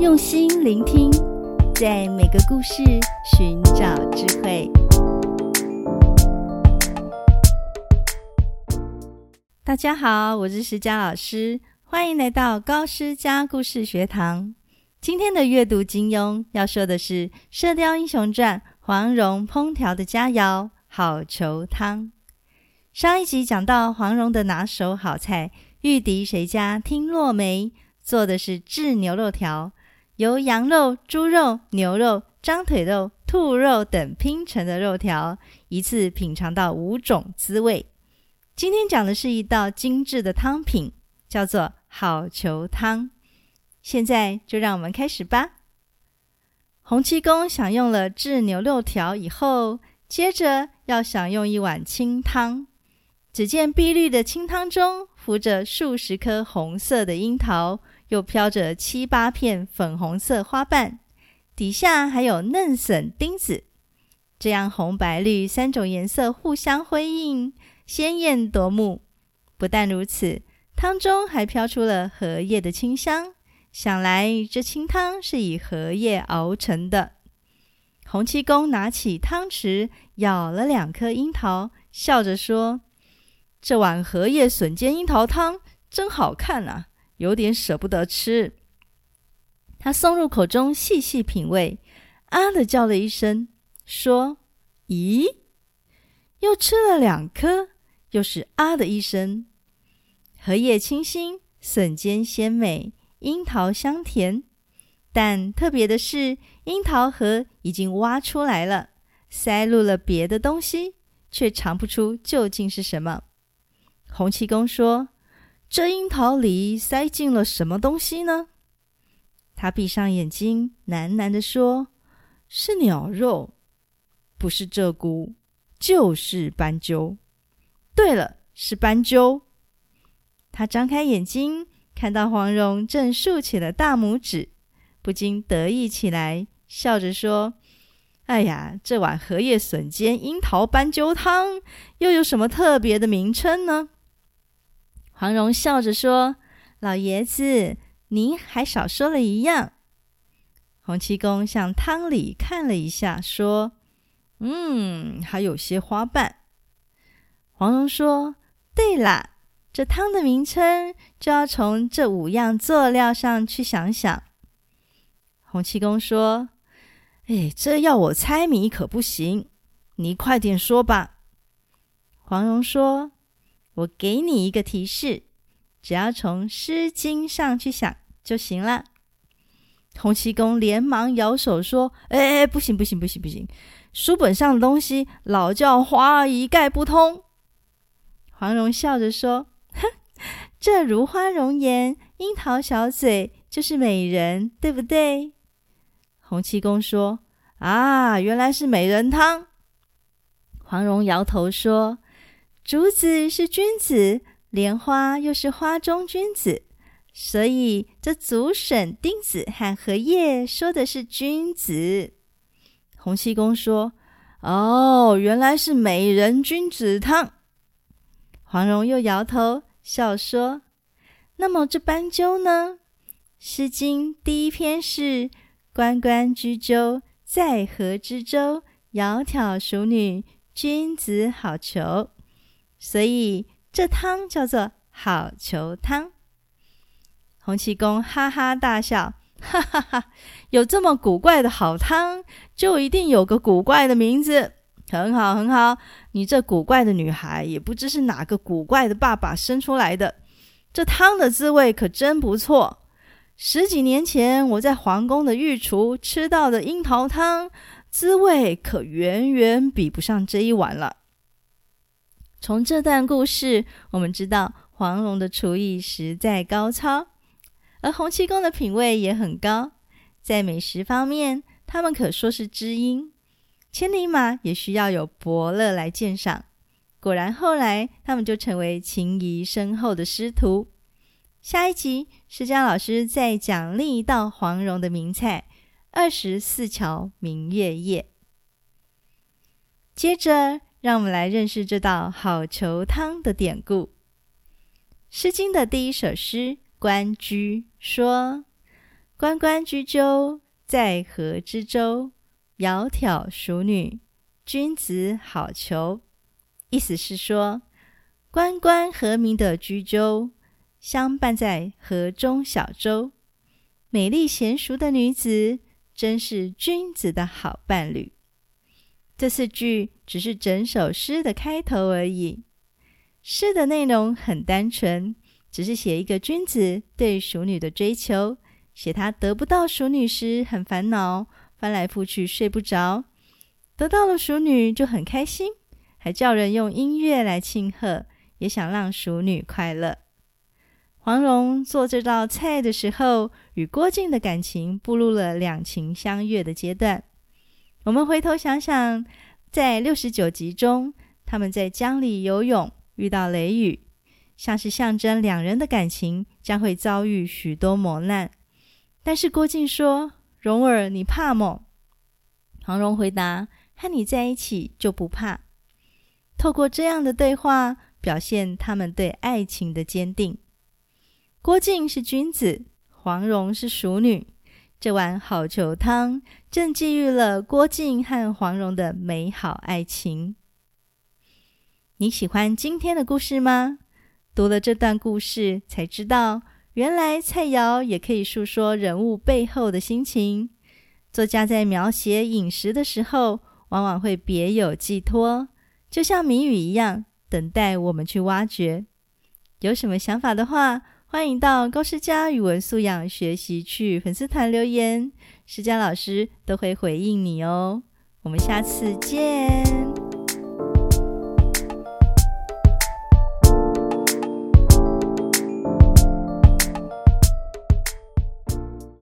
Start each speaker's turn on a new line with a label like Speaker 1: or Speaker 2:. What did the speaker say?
Speaker 1: 用心聆聽，在每個故事尋找智慧。大家好，我是詩佳老師，歡迎來到高詩佳故事學堂。今天的閱讀金庸要說的是《射鵰英雄傳》，黃蓉烹調的佳餚好逑湯。上一集講到黃蓉的拿手好菜，玉笛誰家聽落梅，做的是炙牛肉條。由羊肉、豬肉、牛肉、獐腿肉、兔肉等拼成的肉條，一次品嘗到五種滋味。今天講的是一道精緻的湯品，叫做“好逑湯”。現在就讓我們開始吧。洪七公享用了炙牛肉條以後，接着要享用一碗清湯。只見碧綠的清湯中浮着數十顆紅色的櫻桃。又飄着七八片粉紅色花瓣，底下還有嫩筍丁子，這樣紅、白、綠三種顏色互相輝映，鮮豔奪目。不但如此，湯中還飄出了荷葉的清香，想來這清湯是以荷葉熬成的。洪七公拿起湯匙，舀了兩顆櫻桃，笑着說：“這碗荷葉筍尖櫻桃湯真好看啊！”有點捨不得吃，他送入口中細細品味，啊的叫了一聲，說：“咦，又吃了兩顆，又是啊的一聲。荷葉清新，筍尖鮮，鮮美，櫻桃香甜。但特別的是，櫻桃核已經挖出來了，塞入了別的東西，卻嘗不出究竟是什麼。”洪七公說。這櫻桃裡塞進了什麼東西呢？他閉上眼睛，喃喃地說：“是鳥肉，不是鷓鴣，就是斑鳩。對了，是斑鳩。”他張開眼睛，看到黃蓉正豎起了大拇指，不禁得意起來，笑着說：“哎呀，這碗荷葉筍尖櫻桃斑鳩湯，又有什麼特別的名稱呢？”黃蓉笑着說：“老爺子，您還少說了一樣。”洪七公向湯裡看了一下，說：“嗯，還有些花瓣。”黃蓉說：“對啦，這湯的名稱就要從這五樣佐料上去想想。”洪七公說：“哎，這要我猜謎可不行，你快點說吧。”黃蓉說。我給你一個提示，只要從《詩經》上去想就行了。洪七公連忙搖手說：“哎、欸、哎，不行不行不行不行，書本上的東西老叫花兒一概不通。”黃蓉笑着說：“哼，這如花容顏、櫻桃小嘴，就是美人，對不對？”洪七公說：“啊，原來是美人湯。”黃蓉搖頭說。竹子是君子，蓮花又是花中君子，所以這竹筍、釘子和荷葉說的是君子。洪七公說：“哦，原來是美人君子湯。”黃蓉又搖頭笑說：“那麼這斑鳩呢？”《詩經》第一篇是：“關關雎鳩，在河之洲。窈窕淑女，君子好逑。”所以這湯叫做好逑湯。洪七公哈哈大笑，哈，哈哈哈！有這麼古怪的好湯，就一定有個古怪的名字。很好，很好，你這古怪的女孩，也不知是哪個古怪的爸爸生出來的。這湯的滋味可真不錯。十幾年前我在皇宮的御廚吃到的櫻桃湯，滋味可遠遠比不上這一碗了。從這段故事，我們知道黃蓉的廚藝實在高超，而洪七公的品味也很高，在美食方面，他們可說是知音。千里馬也需要有伯樂來鑒賞，果然後來他們就成為情誼深厚的師徒。下一集施佳老師再講另一道黃蓉的名菜——二十四橋明月夜。接着，讓我們來認識這道“好逑湯”的典故，《詩經》的第一首詩《關雎》說：“關關雎鳩，在河之洲。窈窕淑女，君子好逑。”意思是說，關關和鳴的雎鳩相伴在河中小洲。美麗嫻淑的女子，真是君子的好伴侶。這四句只是整首詩的開頭而已。詩的內容很單純，只是寫一個君子對淑女的追求，寫他得不到淑女時很煩惱，翻來覆去睡不着；得到了淑女就很開心，還叫人用音樂來慶賀，也想讓淑女快樂。黃蓉做這道菜的時候，與郭靖的感情步入了兩情相悅的階段。我們回頭想想，在六十九集中，他們在江裡游泳，遇到雷雨，像是象徵兩人的感情將會遭遇許多磨難。但是郭靖說：“蓉兒，你怕嗎？”黃蓉回答：“和你在一起就不怕。”透過這樣的對話，表現他們對愛情的堅定。郭靖是君子，黃蓉是淑女。這碗好逑湯，正寄予了郭靖和黃蓉的美好愛情。你喜歡今天的故事嗎？讀了這段故事，才知道原來菜餚也可以訴說人物背後的心情。作家在描寫飲食的時候，往往會別有寄託，就像謎語一樣，等待我們去挖掘。有什麼想法的話，歡迎到高詩佳語文素養學習區粉絲團留言，詩佳老師都會回應你哦。我們下次見。